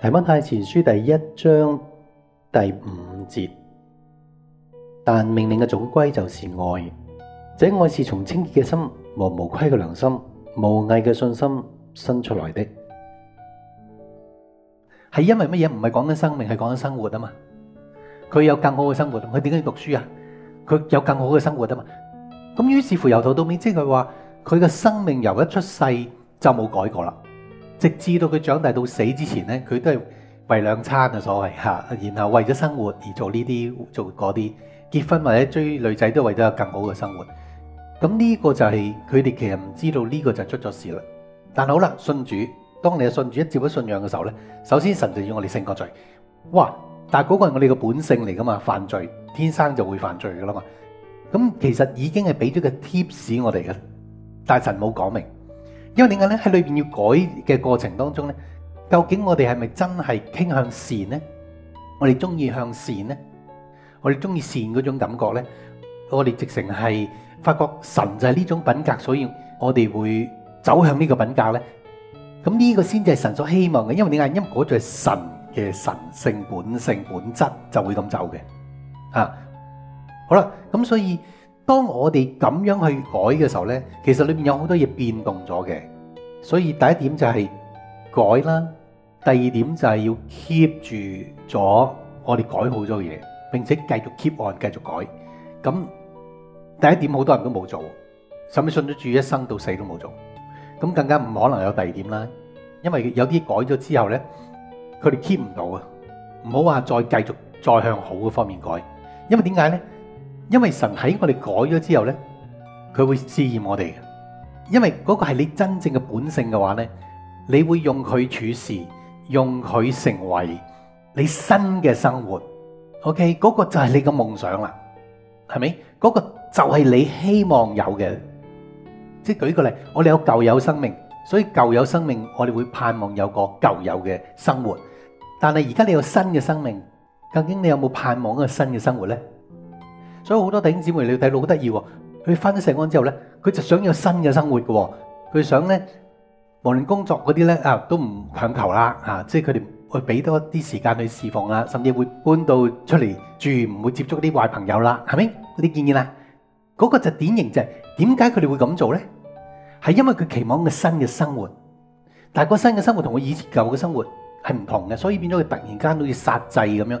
提摩太前書第一章第五節，但命令嘅總歸就是愛，這愛是從清潔嘅心和無虧嘅良心、無偽嘅信心生出來的，係因為乜嘢？唔係講緊生命，係講緊生活啊嘛。佢有更好嘅生活，佢點解要讀書啊？佢有更好嘅生活啊嘛。咁於是乎由頭到尾，即係話，佢嘅生命由一出世就冇改過啦。直至到佢長大到死之前呢，佢都係為兩餐啊，所謂嚇，然後為咗生活而做呢啲做嗰啲，結婚或者追女仔都為咗更好嘅生活。咁呢個就係佢哋其實唔知道呢個就出咗事啦。但好啦，信主，當你係信主一接咗信仰嘅時候呢，首先神就要我哋勝個罪。哇！但係嗰個係我哋嘅本性嚟噶嘛，犯罪天生就會犯罪噶啦嘛。咁其實已經係俾咗個 tips 我哋嘅，但神冇講明。因為點解咧，喺裏邊要改嘅過程當中咧，究竟我哋係咪真係傾向善咧？我哋中意向善咧？我哋中意善嗰種感覺咧？我哋直情係發覺神就係呢種品格，所以我哋會走向呢個品格咧。咁呢個先至係神所希望嘅，因為點解？因為嗰就係神嘅神性，本性，本質就會咁走嘅。啊，好啦，咁所以。當我哋咁樣去改嘅時候呢，其實裏面有好多嘢變動咗嘅，所以第一點就係改啦，第二點就係要 keep 住咗我哋改好咗嘅嘢，並且繼續 keep on 繼續改。咁第一點好多人都冇做，甚至信咗主一生到死都冇做，咁更加唔可能有第二點啦。因為有啲改咗之後呢，佢哋 keep 唔到啊，唔好話再繼續再向好嘅方面改。因為點解呢？因為神喺我哋改咗之後呢，佢會試驗我哋嘅。因為嗰個係你真正嘅本性嘅話呢，你會用佢處事，用佢成為你新嘅生活。OK，嗰個就係你嘅夢想啦，係咪？嗰個就係你希望有嘅。即係舉個例，我哋有舊有生命，所以舊有生命我哋會盼望有個舊有嘅生活。但係而家你有新嘅生命，究竟你有冇盼望一個新嘅生活呢？所以好多弟兄姊妹你睇老好得意喎，佢翻咗石安之後咧，佢就想有新嘅生活嘅，佢想咧，無論工作嗰啲咧啊都唔強求啦嚇，即係佢哋會俾多啲時間去侍奉啦，甚至會搬到出嚟住，唔會接觸啲壞朋友啦，係咪？你見唔見啊？嗰個就典型就係點解佢哋會咁做咧？係因為佢期望嘅新嘅生活，但係個新嘅生活同我以前舊嘅生活係唔同嘅，所以變咗佢突然間好似殺制咁樣。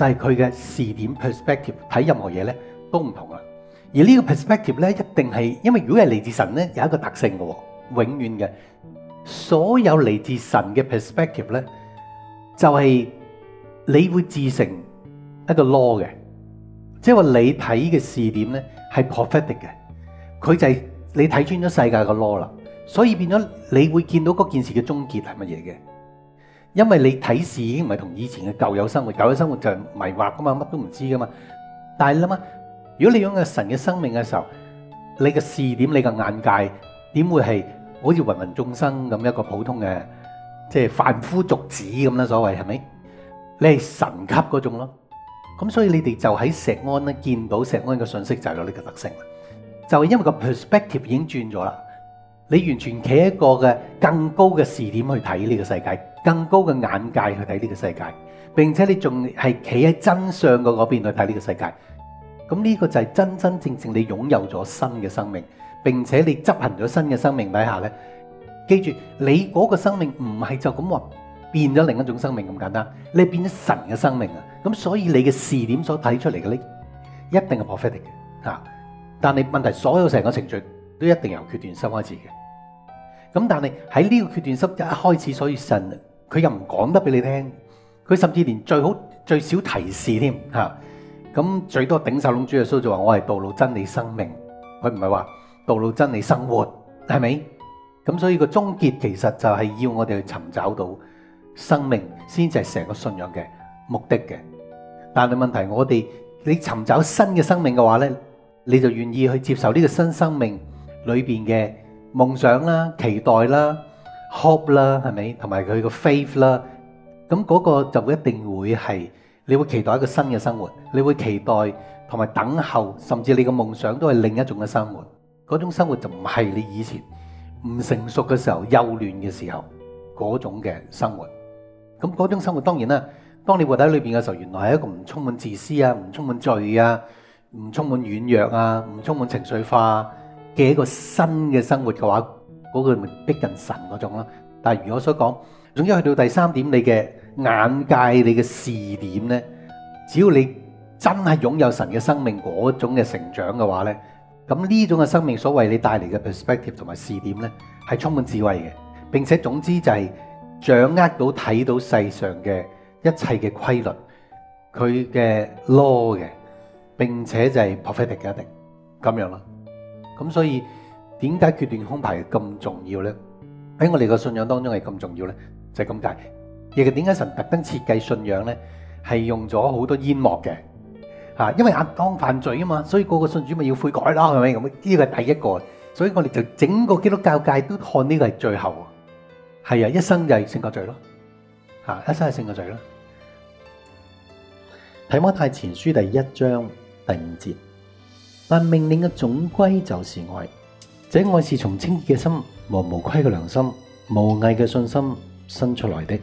但係佢嘅視點 perspective 睇任何嘢咧都唔同啦，而呢個 perspective 咧一定係因為如果係嚟自神咧有一個特性嘅，永遠嘅所有嚟自神嘅 perspective 咧就係你會自成一個 law 嘅，即係話你睇嘅視點咧係 prophetic 嘅，佢就係你睇穿咗世界嘅 law 啦，所以變咗你會見到嗰件事嘅終結係乜嘢嘅。因為你睇事已經唔係同以前嘅舊有生活，舊有生活就係迷惑噶嘛，乜都唔知㗎嘛。但係你諗下，如果你擁有神嘅生命嘅時候，你嘅視點、你嘅眼界點會係好似芸芸眾生咁一,一個普通嘅，即係凡夫俗子咁啦。所謂係咪？你係神級嗰種咯。咁所以你哋就喺石安咧見到石安嘅信息，就有呢個特性。就係因為個 perspective 已經轉咗啦，你完全企喺一個嘅更高嘅視點去睇呢個世界。更高嘅眼界去睇呢個世界，並且你仲係企喺真相嘅嗰邊去睇呢個世界，咁呢個就係真真正正你擁有咗新嘅生命，並且你執行咗新嘅生命底下呢，記住你嗰個生命唔係就咁話變咗另一種生命咁簡單，你變咗神嘅生命啊！咁所以你嘅視點所睇出嚟嘅呢，一定係 perfect 嘅吓，但係問題所有成個程序都一定由決斷心開始嘅，咁但係喺呢個決斷心一開始，所以神。佢又唔講得俾你聽，佢甚至連最好最少提示添嚇，咁最多頂曬籠主耶穌就話：我係道路真理生命，佢唔係話道路真理生活，係咪？咁所以個終結其實就係要我哋去尋找到生命，先至係成個信仰嘅目的嘅。但係問題，我哋你尋找新嘅生命嘅話呢，你就願意去接受呢個新生命裏邊嘅夢想啦、期待啦。hope 啦，係咪？同埋佢個 faith 啦，咁嗰個就會一定會係，你會期待一個新嘅生活，你會期待同埋等候，甚至你嘅夢想都係另一種嘅生活。嗰種生活就唔係你以前唔成熟嘅時候、幼嫩嘅時候嗰種嘅生活。咁嗰種生活，當然啦，當你活喺裏邊嘅時候，原來係一個唔充滿自私啊、唔充滿罪啊、唔充滿軟弱啊、唔充滿情緒化嘅一個新嘅生活嘅話。嗰、嗰個咪逼近神嗰種咯，但係如我所講總之去到第三點，你嘅眼界、你嘅視點咧，只要你真係擁有神嘅生命嗰種嘅成長嘅話咧，咁呢種嘅生命所為你帶嚟嘅 perspective 同埋視點咧，係充滿智慧嘅，並且總之就係掌握到睇到世上嘅一切嘅規律，佢嘅 law 嘅，並且就係 prophetic 嘅一定咁樣啦，咁所以。點解決斷空牌咁重要咧？喺我哋個信仰當中係咁重要咧，就係咁解。亦係點解神特登設計信仰咧，係用咗好多煙幕嘅，吓，因為阿當犯罪啊嘛，所以個個信主咪要悔改咯，係咪咁？呢個係第一個，所以我哋就整個基督教界都看呢個係最後，係啊，一生就係勝過罪咯，吓一生係勝過罪咯。提摩太前書第一章第五節，但命令嘅總歸就是愛。這愛是從清潔嘅心和無虧嘅良心、無偽嘅信心生出來的。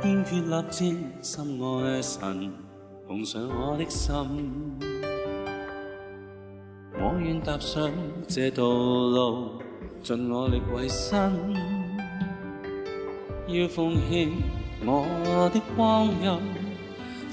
熱血立志，深愛神，奉上我的心。我願踏上這道路，盡我力為身，要奉獻我的光陰。